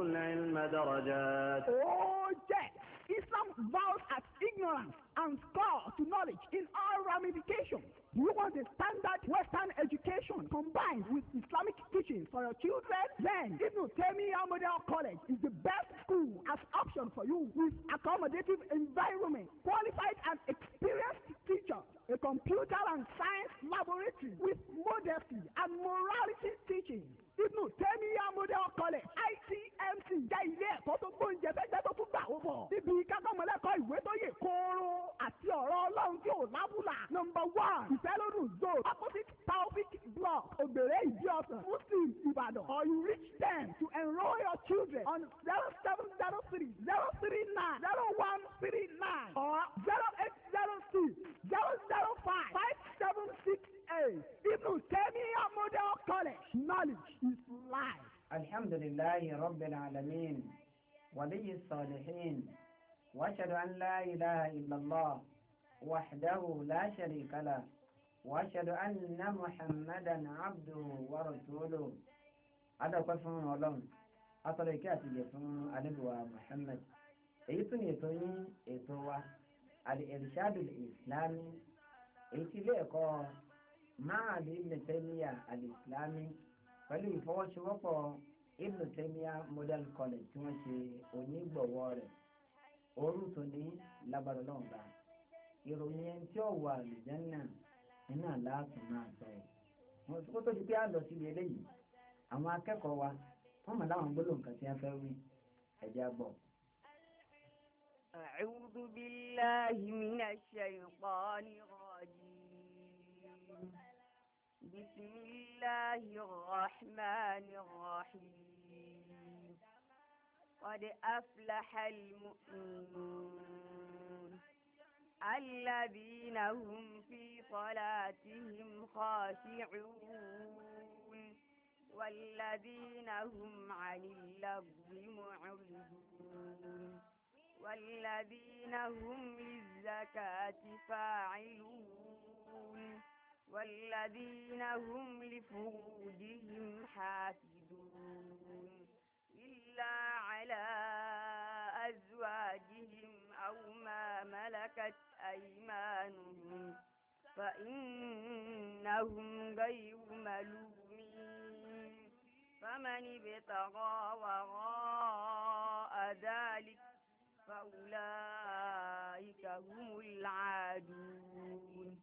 العلم درجات Oh yes! Islam vows at ignorance and scour to knowledge in all ramifications. Do you want a standard Western education combined with Islamic teaching for your children? Then Ibn Taymiyyah Model College is the best school as option for you with accommodative environment, qualified and experienced teachers, a computer and science laboratory with modesty and morality teaching. to Temiya Model College. Knowledge is life. الحمد لله رب العالمين ولي الصالحين وأشهد أن لا إله إلا الله وحده لا شريك له وأشهد أن محمدا عبده ورسوله هذا قسم ولم أتركات يسمون عليه محمد èyí tún ní ètò yín ètò wa al-irshad al-islami èyí tí ilé ẹ̀kọ́ máa lè Ibn Taymiyyah al-Islami ìfọwọ́sowọ́pọ̀ Model College tí wọ́n ṣe onígbọ̀wọ́ rẹ̀ òru ní lágbára náà bá ìròyìn ẹni tí ó wà àlùjànnà iná láàtún máa sọ ẹ̀ wọ́n tó tó di pé a lọ síbi wa wọ́n mọ̀ láwọn tí wọ́n fẹ́ wí ẹ̀jẹ̀ بسم الله الرحمن الرحيم قد أفلح المؤمنون الذين هم في صلاتهم خاشعون والذين هم عن اللغو معرضون والذين هم للزكاة فاعلون والذين هم لفروجهم حافظون إلا على أزواجهم أو ما ملكت أيمانهم فإنهم غير ملومين فمن ابتغى وراء ذلك فأولئك هم العادون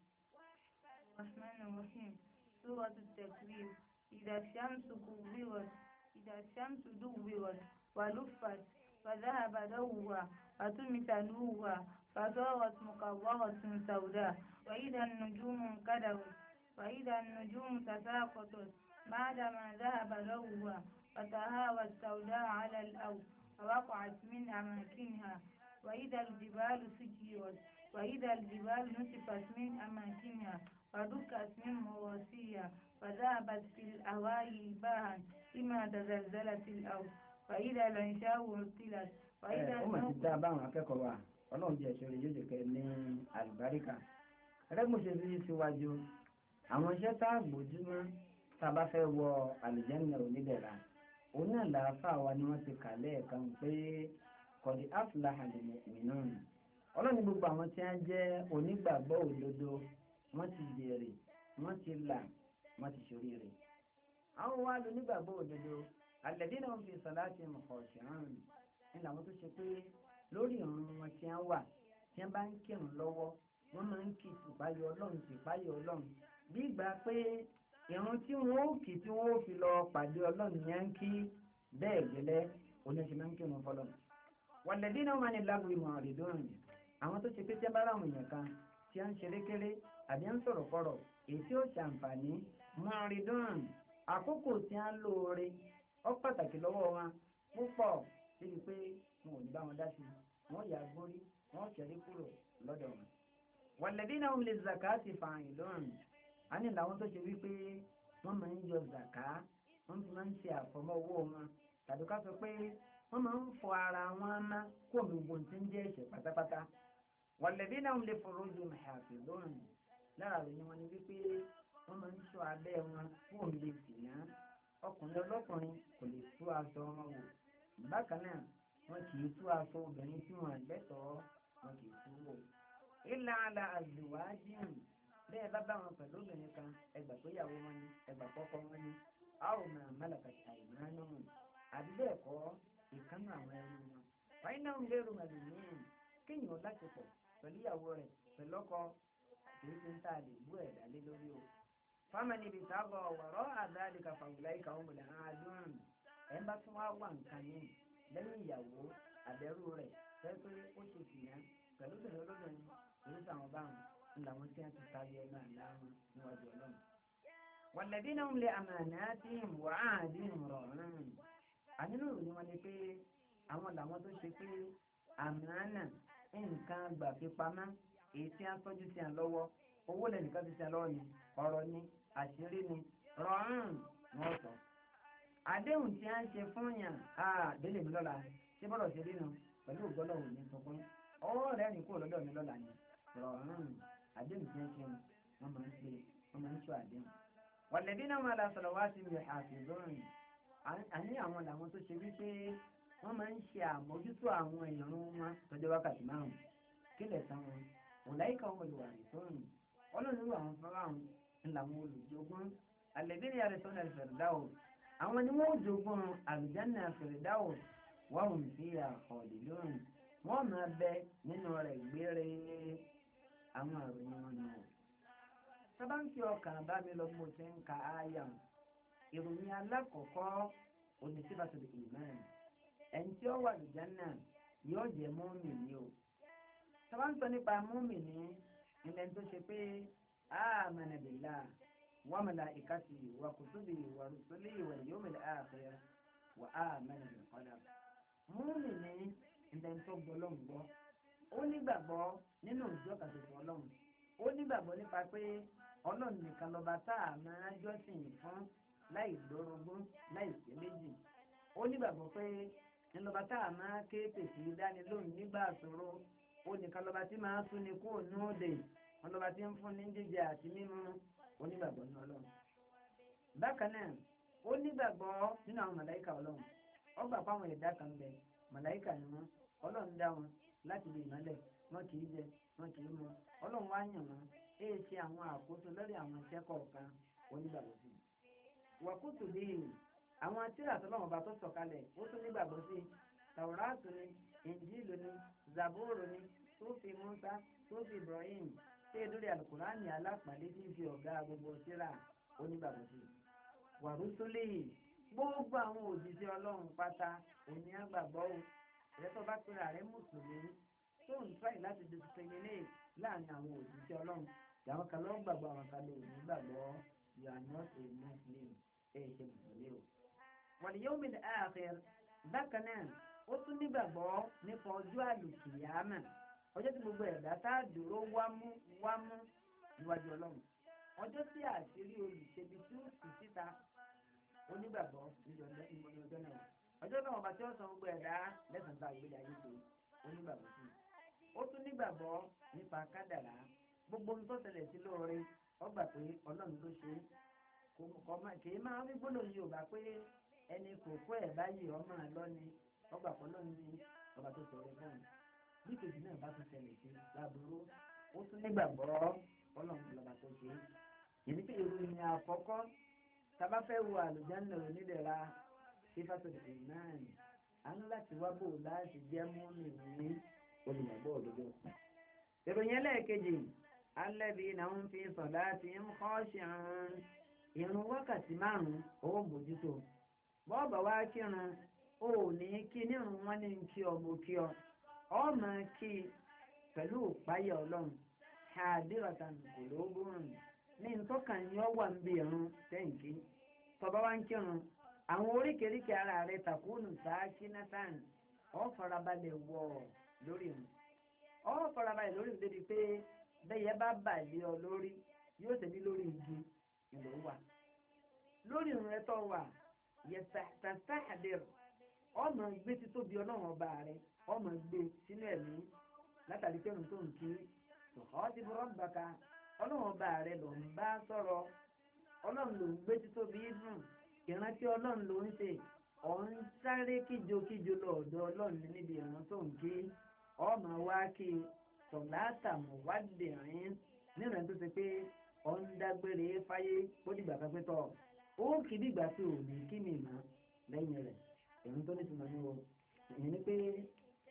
الرحمن الرحيم سورة التكوير إذا الشمس كورت إذا الشمس دبرت ولفت فذهب دوها فتمت نورا فصارت مقررة سوداء وإذا النجوم انكدرت وإذا النجوم تساقطت بعدما ذهب دوها فتهاوت سوداء على الأرض فوقعت من أماكنها وإذا الجبال سجرت وإذا الجبال نسفت من أماكنها فدكت من مواسيها فذهبت في الأواي باها إما تزلزلت الأرض فإذا العشاء عطلت فإذا ọmọ ọlọ́run jẹ́ ìṣòro yóò jẹ́ ní àlùbáríkà ẹlẹ́gbọ̀nsẹ̀ sí síwájú àwọn iṣẹ́ tá a gbójúmọ́ tá a bá fẹ́ wọ àlùjẹ́nà onídẹ̀ra òun náà làáfà wa ni wọ́n ti kà lẹ́ẹ̀kan pé kọ̀dí áfìlà àlùmọ̀ ọlọ́run gbogbo àwọn tí wọ́n jẹ́ onígbàgbọ́ òdodo wọ́n ti jèrè wọ́n ti là wọ́n ti ṣoríire. àwọn wa lo nígbàgbọ́ òdodo alladina hum fi salatihim khashi'un ní làwọn tó ṣe pé lórí ìrun wọn tí wọ́n wà tí wọ́n bá ń kírun lọ́wọ́ wọ́n máa ń kí ìpáyọ̀ ọlọ́run sí ìpáyọ̀ ọlọ́run bí ìgbà pé ìrun tí wọ́n ó kì tí wọ́n ó fi lọ pàdé ọlọ́run yẹn ń kí bẹ́ẹ̀ gẹ́lẹ́ oníṣẹ́ máa ń kírun fọlọ́run walladina hum 'ani lagwi mu'ridun àwọn tó ṣe pé tí wọ́n bá àbí ń sọ̀rọ̀ kọ̀rọ̀ èsì ó ṣàǹfààní àkókò tí a ń lò oore ó pàtàkì lọ́wọ́ wọn púpọ̀ síbi pé wọn ò ní bá wọn dá sí wọn yà gbórí wọn kẹrí kúrò lọ́dọ̀ wọn. walladhina hum lizzakati fa'ilun á ní làwọn tó ṣe wípé wọ́n máa ń yọ zàká wọ́n fi máa ń ṣe àfọmọ́ owó wọn tàbí ká sọ pé wọ́n máa ń fọ ara wọn ná kó omi gbòǹtì ń jẹ́ ẹ̀ṣẹ̀ pátápátá walladhina hum li furujihim hafizun lára rẹ̀ wọn ni wípé wọ́n máa ń sọ abẹ́ wọn fún òye ìdìyàn ọkùnrin ọlọ́kùnrin kò lè tú aṣọ wọn wò bákan náà wọn kì í tú aṣọ obìnrin tí wọn lẹ́tọ̀ọ́ wọn kì í tú wò. ìlà àlà àzùwájú bẹ́ẹ̀ bá bá wọn pẹ̀lú obìnrin kan ẹgbà tó yàwó wọn ni ẹgbà kọ́kọ́ wọn ni a ò máa málàkà àìmọ́ náà àbí bẹ́ẹ̀ kọ́ ìkánú àwọn ẹrú wọn. wáyé náà ń lérò màlúù ní kéèyàn láti pọ̀ pẹ̀lú ìyàwó rẹ̀ pẹ̀lú ọkọ kìí ṣe ń tà lè bú ẹ̀dá lé lórí o fámẹ́ni ibi tábọ̀ ọ̀wọ̀rọ̀ àdáàlìkà fàwùláìkà ọmọlẹ̀ àádọ́rùn ẹ̀ ń bá tún wá wà nǹkan yìí lẹ́yìn ìyàwó àbẹ́rù rẹ̀ fẹ́ pé ó ṣe fìyà pẹ̀lú bẹ̀rẹ̀ olóbìnrin pẹ̀lú sàwọn báwọn ń làwọn tí wọ́n ti tayọ ẹnu àláwọn níwájú ọlọ́run. wọ̀lẹ́bí náà ń lé àmàlà tí ń wà á dín rọ̀rùn ànílò ni wọ́n ní pé àwọn làwọn tó ṣe pé àmàlà nǹkan gbà fi pamọ́ èyí tí a ń tọ́jú sí à lọ́wọ́ owó lẹ́nìkan ti sí à ni ọ̀rọ̀ ni àṣírí ni rọrùn wọ́n sọ. àdéhùn tí a ń ṣe fún yàn délé mi lọ́la ṣé bọ́lọ̀ ṣe rí nu pẹ̀lú ògbọ́lọ́wò mi tuntun ọwọ́ rẹ̀ rìn kúrò lọ́dọ̀ mi lọ́la ni rọrùn àdéhùn tí a ń ṣe wọ́n máa ń ṣe wọ́n máa ń ṣọ àdéhùn. wọ̀lẹ́bí náà máa la sọ̀rọ̀ wá sí mi àfihàn àní àwọn làwọn tó ṣe wípé wọ́n máa ń ṣe àmójútó àwọn ìrún ọ̀láìka ọmọ ìwà ìtọ́rùn ọlọ́run wà wọn fọwọ́ àwọn ńláwọn olùjogún alẹ́bírí àrẹsọ́nà ìfẹ̀rẹ̀dáwò àwọn ni wọ́n jogún àlùjánnà ìfẹ̀rẹ̀dáwò wọ́n hùn sí àkọọ̀dì lóhùn wọ́n máa bẹ nínú rẹ̀ gbére àwọn àròyìn wọn nù. sábà ń fi ọkàn bá mi lọ mo ti ń ka àyà ìròyìn alákọ̀ọ́kọ́ onísìbàtò ìmáà ẹni tí ó wà àlùjánnà yóò jẹ́ mọ́ọ̀mì ni o sábà ń sọ nípa múmi ní ilẹ̀ tó ṣe pé amana billah wa malaikatihi wa kutubihi wa rusulihi wal yawmil akhir wa amana bil qadar múmi ní ilẹ̀ tó gbọ́lọ́n gbọ́ ó nígbàgbọ́ nínú ìjọ kàtòkò ọlọ́run ó nígbàgbọ́ nípa pé ọlọ́run nìkan lọ́ba tá a máa jọ́sìn fún láì lórogún láì sí méjì ó nígbàgbọ́ pé ńlọba tá a máa ké onìkan lọ́ba tí máa tún ni kú òní òde ọlọ́ba tí ń fún ní jíjẹ àti mímu onígbàgbọ́ ní ọlọ́run bákan náà ó nínú àwọn màláìka ọlọ́run ó gbà fáwọn kan bẹ màláìka ni wọn ọlọ́run dá wọn láti lè ìmọ́lẹ̀ wọn kì í jẹ wọn kì í mu ọlọ́run wá yàn wọn èyí ṣe àwọn àkóso lórí àwọn iṣẹ́ kọ̀ọ̀kan onígbàgbọ́ sí i wàkútù bíi àwọn tíra tọ́lọ́wọ́n bá tó sọ̀kalẹ̀ ó tún nígbàgbọ́ sí i zaburo ni sufi musa sufi ibrahim ṣé lórí alukurani alápàdé tí ń fi ọ̀gá gbogbo síra onígbàgbọ́ sí wàrúsúlẹ̀ gbogbo àwọn òjíṣẹ́ ọlọ́run pátá òní àgbàgbọ́ o ẹ̀rẹ́tọ́ bá pera rẹ̀ mùsùlùmí tó ń tọ́ láti discriminate láàrin àwọn òjíṣẹ́ ọlọ́run ìyàwó kan lọ́wọ́ gbàgbọ́ àwọn kan lè ní gbàgbọ́ you are not a muslim ẹ̀ ṣe mùsùlùmí o. wọ́n ní yóò mi ní ààfẹ́ bákan náà ó tún nígbàgbọ́ nípa ọjọ́ àlùkìyàmà ọjọ́ tí gbogbo ẹ̀dá tá a dúró wámú wámú níwájú ọlọ́run ọjọ́ tí àṣírí olùṣèbí tí ó sì síta náà ọjọ́ náà gbogbo ẹ̀dá tá a gbé ayé tó sí gbogbo ohun tó ṣẹlẹ̀ sí lóore ọgbà pé ọlọ́run ló ṣe kò kì í máa rí gbólóhùn Yorùbá pé ẹni kò kó ẹ̀ báyìí ọmọ ọgbà pọ̀lọ́ ní ọba tó sọ̀rọ̀ báyìí bí kejì náà bá tún ṣẹlẹ̀ sí láburú ó tún nígbàgbọ́ ọlọ́run lọ́ba tó ṣe é èmi pé ìròyìn àkọ́kọ́ tábà fẹ́ wo àlùjáńdà onídẹ̀ra sífàtòdì náà à ń láti wá bò láti jẹ́ mọ́nì ní olùmọ̀gbọ́ òdodo. ìròyìn ẹlẹ́ẹ̀kejì alẹ́bí náà ń fi sọ̀dá ti ń kọ́ ṣàn irun wákàtí márùn-ún owó mójútó bọ́ọ̀bà wá kírun o ní kí nírun wọn ní kí ọmọ kí ọ ọmọ kí pẹ̀lú ìpáyà ọlọ́run àdéhàtàn kò lóògùn ní ni ọ wà ń bí irun tẹ́ǹkì tọba wá ń kírun àwọn oríkèéríkèé ara rẹ takùnù sáàkì nathan ọ farabalẹ̀ wọ̀ lórí mu ọ farabalẹ̀ lórí mu débi pé bẹ́yẹ bá bàlẹ́ ọ lórí yóò tẹ̀lé lórí igi ìlú wa lórí rẹ tọ́ yẹ ọmọ gbé títóbi ọlọ́run ọba rẹ ọmọ gbé sínú ẹ̀mí látàrí pé tó ń kí ọ ti bọ́ bàkà ọlọ́run ọba rẹ ló bá sọ̀rọ̀ ọlọ́run ló ń gbé títóbi dùn ìrántí ọlọ́run ló ń ṣe ọ̀n sáré kíjokíjo lọ́ọ̀dọ̀ ọlọ́run níbi tó ń kí ọmọ wa kí tó èyí tó ní túnmọ̀ ní o èyí ni pé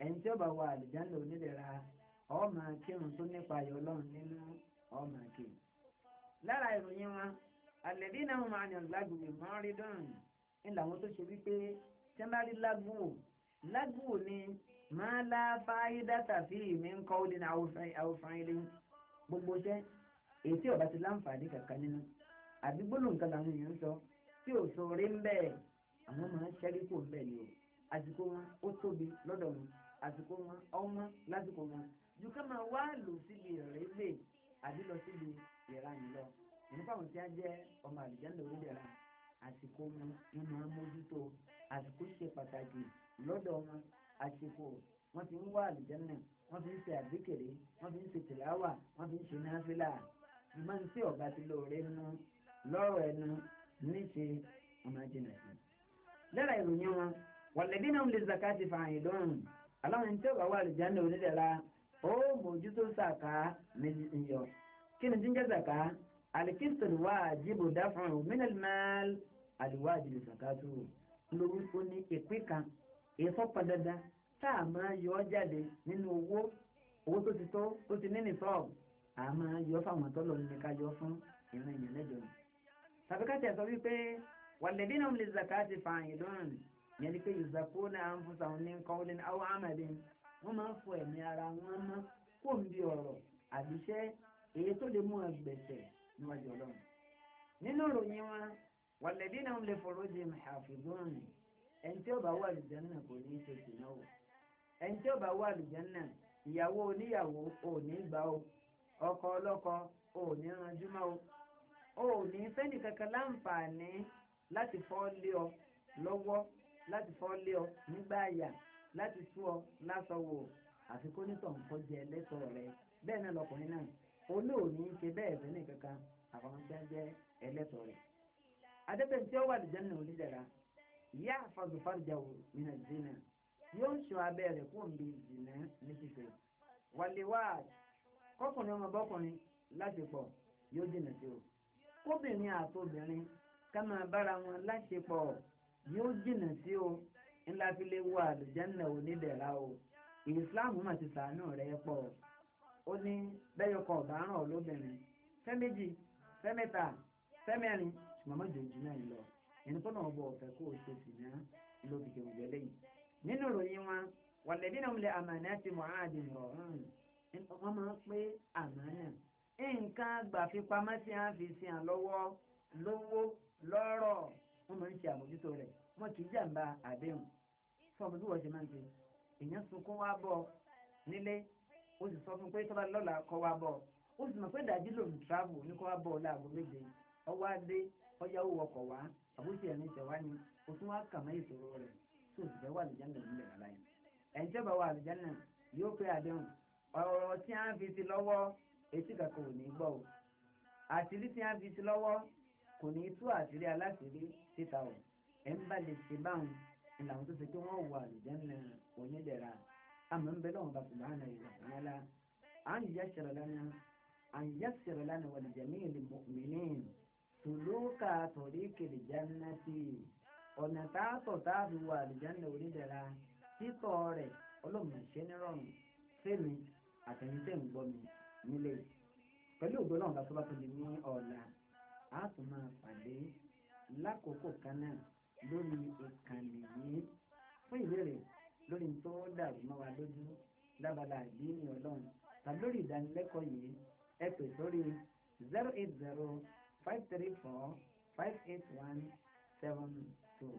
ẹni tí ó bá wà àlìjáńlẹ̀ onílera ọmọ akírun tó nípa ayọ̀ ọlọ́run nínú ọmọ akírun. lára ìròyìn wọn àlẹ́bí náà wọn máa ní ọ̀gbàgbé mọ́rí dùn ní làwọn tó ṣe wípé tí wọ́n bá rí lágbóò lágbóò ni máa lá fáyídá tàbí ìmí ń kọ́ òdì náà àwòfàn ilé gbogbo iṣẹ́ èyí tí ó bá ti láǹfààní kankan nínú àdúgbò àwọn máa ń ṣẹ́rí kò ń bẹ̀ ni o àsìkò wọn ó tóbi lọ́dọ̀ wọn àsìkò wọn ọmọ lásìkò wọn ju ká máa wá lò síbi ìrẹ́lẹ̀ àbí lọ síbi ìranì lọ ìní fáwọn tí a jẹ́ ọmọ àlùjáde onídẹ̀ra àsìkò wọn ni máa mójútó àsìkò ṣe pàtàkì lọ́dọ̀ wọn àsìkò wọ́n ti ń wá àlùjáde wọ́n fi ń ṣe àdékèrè wọ́n fi ń ṣe tìláwà wọ́n fi ń ṣe náfìlà ìmọ̀ ní ọ̀gá ti lóore nínú lọ́rọ̀ ẹnu níṣe ọmọ jìnnà lára ìròyìn wọn wàlẹ́bí náà lè zakati fàáyìn lọ́rùn aláwọn tí ó bá wà àlùjáde onídẹ̀ra ó mójútó sàkà méjì ń yọ kí ni jíjẹ́ sàkà alikistul wájibu dáfọ̀n minal mal aliwajibu zakatu lórúkọ ní ìpín kan ìfọ́pọ̀ dandan tá a máa yọ jáde nínú owó owó tó ti tó tó ti níní sọ́ọ̀bù a máa yọ fáwọn tọ́lọ̀ ní ká yọ fún ìrìn ìyẹn lẹ́jọ́ tàbí ká tẹ̀ sọ wípé wàlẹ́dínà òun lè zakati fàáyìlọ́n yẹn ni pé ìzàkúnà àǹfọ̀sà òun ní kọ́wọ́lẹ́ ní àwọn àmàlẹ́ wọ́n máa ń fọ ẹ̀mí ara wọn mọ́ kó ń bí ọ̀rọ̀ àbíṣẹ́ èyí tó lè mú ẹgbẹ̀sẹ̀ níwájú ọlọ́run nínú ìròyìn wọn wàlẹ́dínà òun lè fọ̀rọ̀ jẹ́ àfìgbọ́n ẹni tí ó bá wà àlùjánnà ìyàwó oníyàwó ò ní gbà ó ọkọ ọlọ́kọ ò ní ranjú ó ò ní fẹ́ni láǹfààní láti fọ́ lé ọ lọ́wọ́ láti fọ́ lé ọ nígbà àyà láti tú ọ lásọ wò àfi kó nítàn kọ́ jẹ lẹ́tọ̀ọ́ rẹ bẹ́ẹ̀ náà lọkùnrin náà olóòní ṣe bẹ́ẹ̀ fẹ́ nìkankan àwọn jẹ́ ẹlẹ́tọ̀ọ́ rẹ. adébẹ̀n tí ó wà lìjẹ́ nínú onídàra ìyá àfàgùfàjà wò nínú ìdínà yóò ń ṣọ abẹ́ rẹ̀ kó ń bi ìdìnnà ní ṣíṣe wàlíwáàd kọkùnrin ọmọ láti pọ̀ yóò dènà sí o kóbìnrin àtobìnrin ká máa bára wọn láṣepọ̀ yóò jìnnà sí o ńlá fi lè wọ àlùjánnà onídẹ̀ra o ìsìláàmù mà ti sàánú rẹ̀ pọ̀ ó ní bẹ́yọkọ̀ ọ̀báràn olóbìnrin fẹ́ méjì fẹ́ mẹ́ta fẹ́ mẹ́rin ṣùgbọ́n má jòjì náà lọ ẹni tó náà bọ̀ ọ̀fẹ́ kó o ṣe sì ná ló fi jẹun jẹ lẹ́yìn. nínú ìròyìn wọn wàlẹ́bí náà lè àmàlẹ́ àti mọ̀háàdì rọ̀ wọ́n máa ń pé àmàlẹ́ nǹkan gbàfipamọ́ sí àfi sí àlọ́wọ́ lówó lọ́rọ̀ wọ́n máa ń ṣe àmójútó rẹ̀ wọ́n kì í jàǹbá àdéhùn fún ọmọ bí wọ́n ṣe máa ń ṣe èèyàn sunkún wá bọ̀ nílé ó sì sọ fún pé tọ́ba lọ́la kọ́ wá bọ̀ ó sì mọ̀ pé dàjí lòun travel ní kọ́ wá bọ̀ láàgó méje ọwọ́ adé ọyáwó ọkọ̀ wá àbúṣe ẹ̀mí ìṣẹ̀wá ni ó tún wá kà mọ́ ìṣòro rẹ̀ tó sì fẹ́ wà àlùjánnà nílẹ̀ bàbá yẹn ẹ̀ń tí ó bá wà àlùjánnà yóò pé àdéhùn ọ̀rọ̀ tí a ń fi sí lọ́wọ́ etí kàkọ́ ò ní gbọ́ o àṣírí tí a ń fi sí lọ́wọ́ kò ní tú àṣírí aláṣírí síta o ẹ̀ ń bá lè ṣe báwọn ìlànà tó ṣe kí wọ́n wà àlùjẹ́nà onídẹ̀ra àmọ́ ń bẹ lọ́wọ́n bá subhanahu wa ta'ala an yassira lana an yassira lana wa li jami'il mu'minin suluka tariqil jannati ọ̀nà táàtọ̀ táàbí wà àlùjẹ́nà onídẹ̀ra títọ̀ rẹ̀ ọlọ́mọ̀ọ́ṣẹ́ nírọ̀rùn fẹ́mi àtẹ̀yìntẹ̀ ń gbọ́ mi nílé pẹ̀lú ògbólọ́ọ̀gá tó bá a tún máa pàdé lákòókò kan náà lórí ìkànnì yìí fún ìbéèrè lórí tó dàrú mọ́ wa lójú lábala àdínì ọlọ́run tàbí lórí ìdánilẹ́kọ̀ọ́ yìí ẹ pè sórí zero eight zero five three four five eight one seven two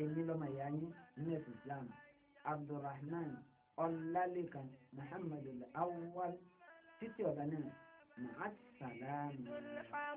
èmi lọ́mọ ìyá yín ní ẹ̀sìn Islam Abdulrahman Ọlálékan Muhammadu Awwal títí ọ̀la náà màá sàlámù.